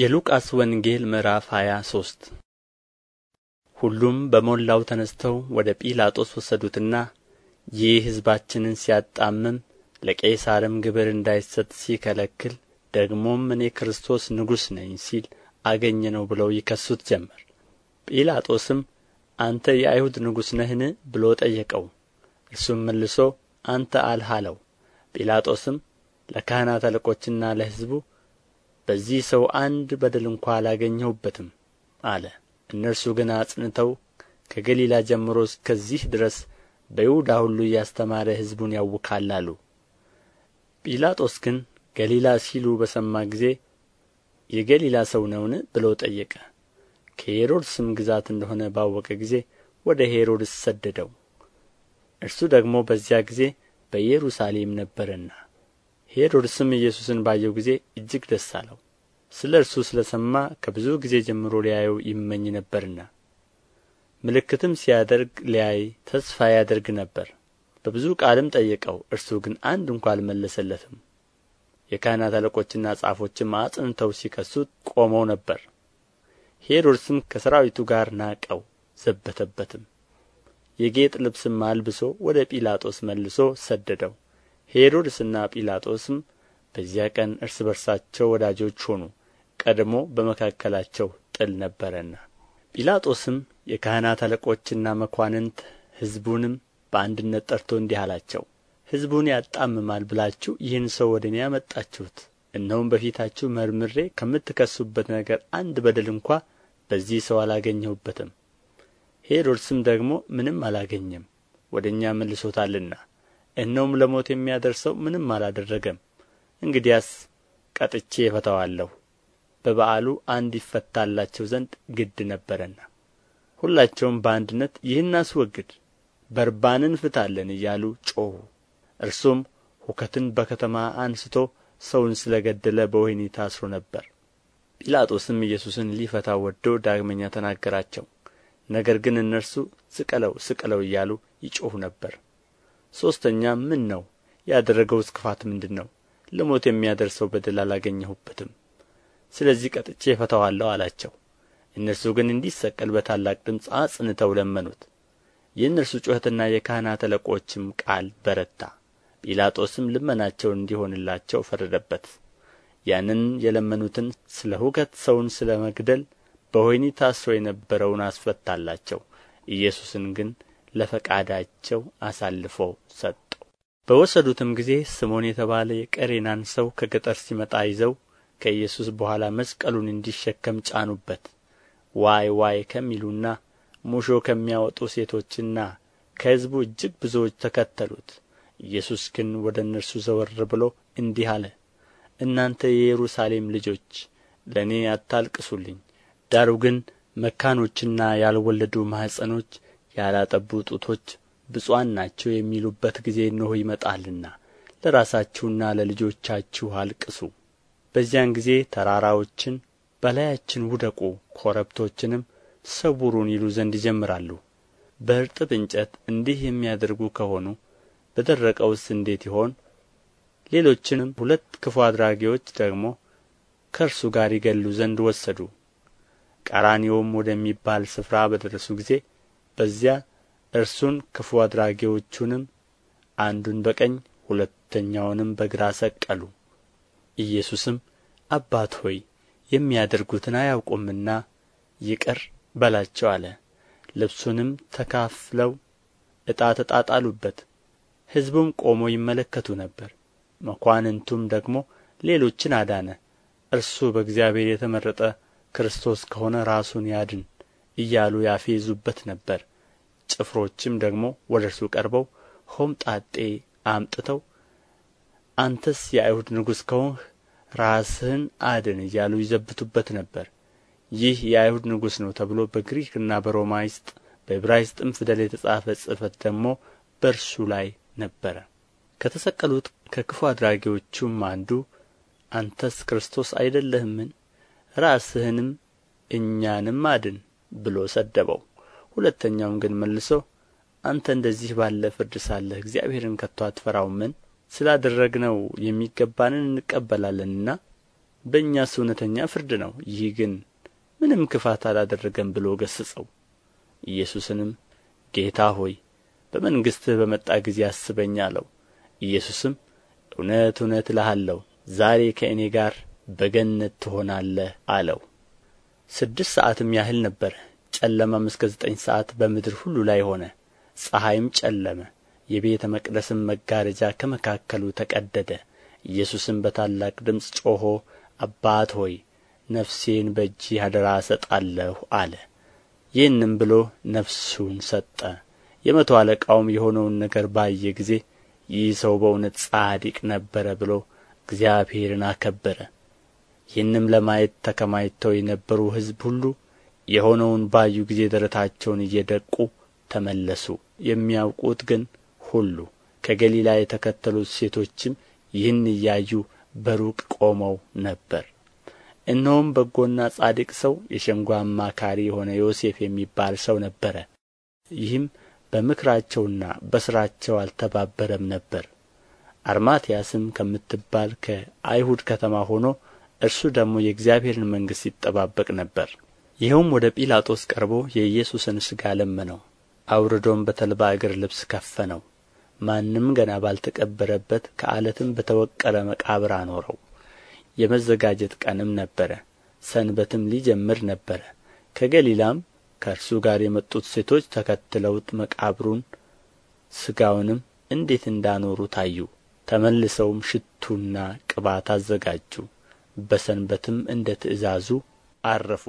የሉቃስ ወንጌል ምዕራፍ ሃያ ሶስት ሁሉም በሞላው ተነስተው ወደ ጲላጦስ ወሰዱትና ይህ ሕዝባችንን ሲያጣምም ለቄሳርም ግብር እንዳይሰጥ ሲከለክል ደግሞም እኔ ክርስቶስ ንጉሥ ነኝ ሲል አገኘነው ብለው ይከሱት ጀመር። ጲላጦስም አንተ የአይሁድ ንጉሥ ነህን ብሎ ጠየቀው። እርሱም መልሶ አንተ አልህ አለው። ጲላጦስም ለካህናት አለቆችና ለሕዝቡ በዚህ ሰው አንድ በደል እንኳ አላገኘሁበትም አለ እነርሱ ግን አጽንተው ከገሊላ ጀምሮ እስከዚህ ድረስ በይሁዳ ሁሉ እያስተማረ ሕዝቡን ያውካል አሉ ጲላጦስ ግን ገሊላ ሲሉ በሰማ ጊዜ የገሊላ ሰው ነውን ብሎ ጠየቀ ከሄሮድስም ግዛት እንደሆነ ባወቀ ጊዜ ወደ ሄሮድስ ሰደደው እርሱ ደግሞ በዚያ ጊዜ በኢየሩሳሌም ነበረና። ሄሮድስም ኢየሱስን ባየው ጊዜ እጅግ ደስ አለው ስለ እርሱ ስለ ሰማ ከብዙ ጊዜ ጀምሮ ሊያየው ይመኝ ነበርና ምልክትም ሲያደርግ ሊያይ ተስፋ ያደርግ ነበር በብዙ ቃልም ጠየቀው እርሱ ግን አንድ እንኳ አልመለሰለትም የካህናት አለቆችና ጻፎችም አጽንተው ሲከሱት ቆመው ነበር ሄሮድስም ከሰራዊቱ ጋር ናቀው ዘበተበትም የጌጥ ልብስም አልብሶ ወደ ጲላጦስ መልሶ ሰደደው ሄሮድስና ጲላጦስም በዚያ ቀን እርስ በርሳቸው ወዳጆች ሆኑ ቀድሞ በመካከላቸው ጥል ነበረና ጲላጦስም የካህናት አለቆችና መኳንንት ሕዝቡንም በአንድነት ጠርቶ እንዲህ አላቸው ሕዝቡን ያጣምማል ብላችሁ ይህን ሰው ወደ እኔ አመጣችሁት እነሆም በፊታችሁ መርምሬ ከምትከሱበት ነገር አንድ በደል እንኳ በዚህ ሰው አላገኘሁበትም ሄሮድስም ደግሞ ምንም አላገኘም ወደ እኛ መልሶታልና እነሆም ለሞት የሚያደርሰው ምንም አላደረገም እንግዲያስ ቀጥቼ እፈታዋለሁ በበዓሉ አንድ ይፈታላቸው ዘንድ ግድ ነበረና ሁላቸውም በአንድነት ይህን አስወግድ በርባንን ፍታለን እያሉ ጮኹ እርሱም ሁከትን በከተማ አንስቶ ሰውን ስለ ገደለ በወህኒ ታስሮ ነበር ጲላጦስም ኢየሱስን ሊፈታ ወዶ ዳግመኛ ተናገራቸው ነገር ግን እነርሱ ስቀለው ስቀለው እያሉ ይጮኹ ነበር ሦስተኛ ምን ነው ያደረገውስ ክፋት ምንድን ነው ለሞት የሚያደርሰው በደል አላገኘሁበትም ስለዚህ ቀጥቼ እፈታዋለሁ አላቸው እነርሱ ግን እንዲሰቀል በታላቅ ድምፅ አጽንተው ለመኑት የእነርሱ ጩኸትና የካህናት አለቆችም ቃል በረታ ጲላጦስም ልመናቸውን እንዲሆንላቸው ፈረደበት ያንን የለመኑትን ስለ ሁከት ሰውን ስለ መግደል በወኅኒ ታስሮ የነበረውን አስፈታላቸው ኢየሱስን ግን ለፈቃዳቸው አሳልፎ ሰጠው። በወሰዱትም ጊዜ ስምዖን የተባለ የቀሬናን ሰው ከገጠር ሲመጣ ይዘው ከኢየሱስ በኋላ መስቀሉን እንዲሸከም ጫኑበት። ዋይ ዋይ ከሚሉና ሙሾ ከሚያወጡ ሴቶችና ከሕዝቡ እጅግ ብዙዎች ተከተሉት። ኢየሱስ ግን ወደ እነርሱ ዘወር ብሎ እንዲህ አለ፣ እናንተ የኢየሩሳሌም ልጆች ለእኔ አታልቅሱልኝ። ዳሩ ግን መካኖችና ያልወለዱ ማኅፀኖች ያላጠቡ ጡቶች ብፁዓን ናቸው የሚሉበት ጊዜ እነሆ ይመጣልና ለራሳችሁና ለልጆቻችሁ አልቅሱ በዚያን ጊዜ ተራራዎችን በላያችን ውደቁ ኮረብቶችንም ሰውሩን ይሉ ዘንድ ይጀምራሉ በእርጥብ እንጨት እንዲህ የሚያደርጉ ከሆኑ በደረቀውስ እንዴት ይሆን ሌሎችንም ሁለት ክፉ አድራጊዎች ደግሞ ከእርሱ ጋር ይገሉ ዘንድ ወሰዱ ቀራኒዮም ወደሚባል ስፍራ በደረሱ ጊዜ በዚያ እርሱን ክፉ አድራጊዎቹንም አንዱን በቀኝ ሁለተኛውንም በግራ ሰቀሉ ኢየሱስም አባት ሆይ የሚያደርጉትን አያውቁምና ይቅር በላቸው አለ ልብሱንም ተካፍለው ዕጣ ተጣጣሉበት ሕዝቡም ቆሞ ይመለከቱ ነበር መኳንንቱም ደግሞ ሌሎችን አዳነ እርሱ በእግዚአብሔር የተመረጠ ክርስቶስ ከሆነ ራሱን ያድን እያሉ ያፌዙበት ነበር ጭፍሮችም ደግሞ ወደ እርሱ ቀርበው ሆምጣጤ አምጥተው አንተስ የአይሁድ ንጉሥ ከሆንህ ራስህን አድን እያሉ ይዘብቱበት ነበር ይህ የአይሁድ ንጉሥ ነው ተብሎ በግሪክና በሮማይስጥ በዕብራይስጥም ፊደል የተጻፈ ጽሕፈት ደግሞ በእርሱ ላይ ነበረ ከተሰቀሉት ከክፉ አድራጊዎቹም አንዱ አንተስ ክርስቶስ አይደለህምን ራስህንም እኛንም አድን ብሎ ሰደበው ሁለተኛውም ግን መልሶ አንተ እንደዚህ ባለ ፍርድ ሳለህ እግዚአብሔርን ከቶ አትፈራውምን ስላደረግነው የሚገባንን እንቀበላለንና በእኛስ እውነተኛ ፍርድ ነው ይህ ግን ምንም ክፋት አላደረገም ብሎ ገሥጸው። ኢየሱስንም ጌታ ሆይ በመንግሥትህ በመጣ ጊዜ አስበኝ አለው ኢየሱስም እውነት እውነት እልሃለሁ ዛሬ ከእኔ ጋር በገነት ትሆናለህ አለው ስድስት ሰዓትም ያህል ነበረ ጨለማም እስከ ዘጠኝ ሰዓት በምድር ሁሉ ላይ ሆነ ፀሐይም ጨለመ የቤተ መቅደስም መጋረጃ ከመካከሉ ተቀደደ ኢየሱስም በታላቅ ድምፅ ጮኾ አባት ሆይ ነፍሴን በእጅ አደራ እሰጣለሁ አለ ይህንም ብሎ ነፍሱን ሰጠ የመቶ አለቃውም የሆነውን ነገር ባየ ጊዜ ይህ ሰው በእውነት ጻድቅ ነበረ ብሎ እግዚአብሔርን አከበረ ይህንም ለማየት ተከማችተው የነበሩ ሕዝብ ሁሉ የሆነውን ባዩ ጊዜ ደረታቸውን እየደቁ ተመለሱ የሚያውቁት ግን ሁሉ ከገሊላ የተከተሉት ሴቶችም ይህን እያዩ በሩቅ ቆመው ነበር እነሆም በጎና ጻድቅ ሰው የሸንጎ አማካሪ የሆነ ዮሴፍ የሚባል ሰው ነበረ ይህም በምክራቸውና በሥራቸው አልተባበረም ነበር አርማትያስም ከምትባል ከአይሁድ ከተማ ሆኖ እርሱ ደግሞ የእግዚአብሔርን መንግሥት ይጠባበቅ ነበር ይኸውም ወደ ጲላጦስ ቀርቦ የኢየሱስን ሥጋ ለመነው አውርዶም በተልባ እግር ልብስ ከፈነው ማንም ገና ባልተቀበረበት ከዓለትም በተወቀረ መቃብር አኖረው የመዘጋጀት ቀንም ነበረ ሰንበትም ሊጀምር ነበረ ከገሊላም ከእርሱ ጋር የመጡት ሴቶች ተከትለውት መቃብሩን ሥጋውንም እንዴት እንዳኖሩ ታዩ ተመልሰውም ሽቱና ቅባት አዘጋጁ በሰንበትም እንደ ትእዛዙ ዐረፉ